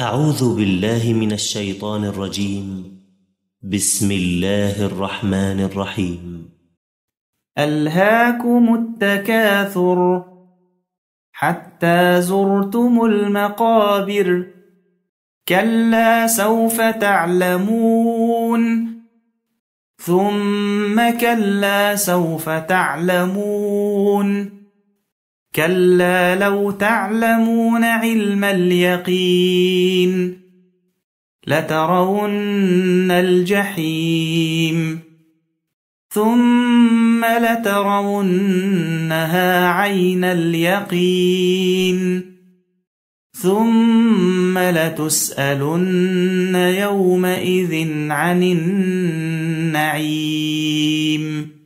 أعوذ بالله من الشيطان الرجيم بسم الله الرحمن الرحيم ألهاكم التكاثر حتى زرتم المقابر كلا سوف تعلمون ثم كلا سوف تعلمون كلا لو تعلمون علم اليقين لترون الجحيم ثم لترونها عين اليقين ثم لتسألن يومئذ عن النعيم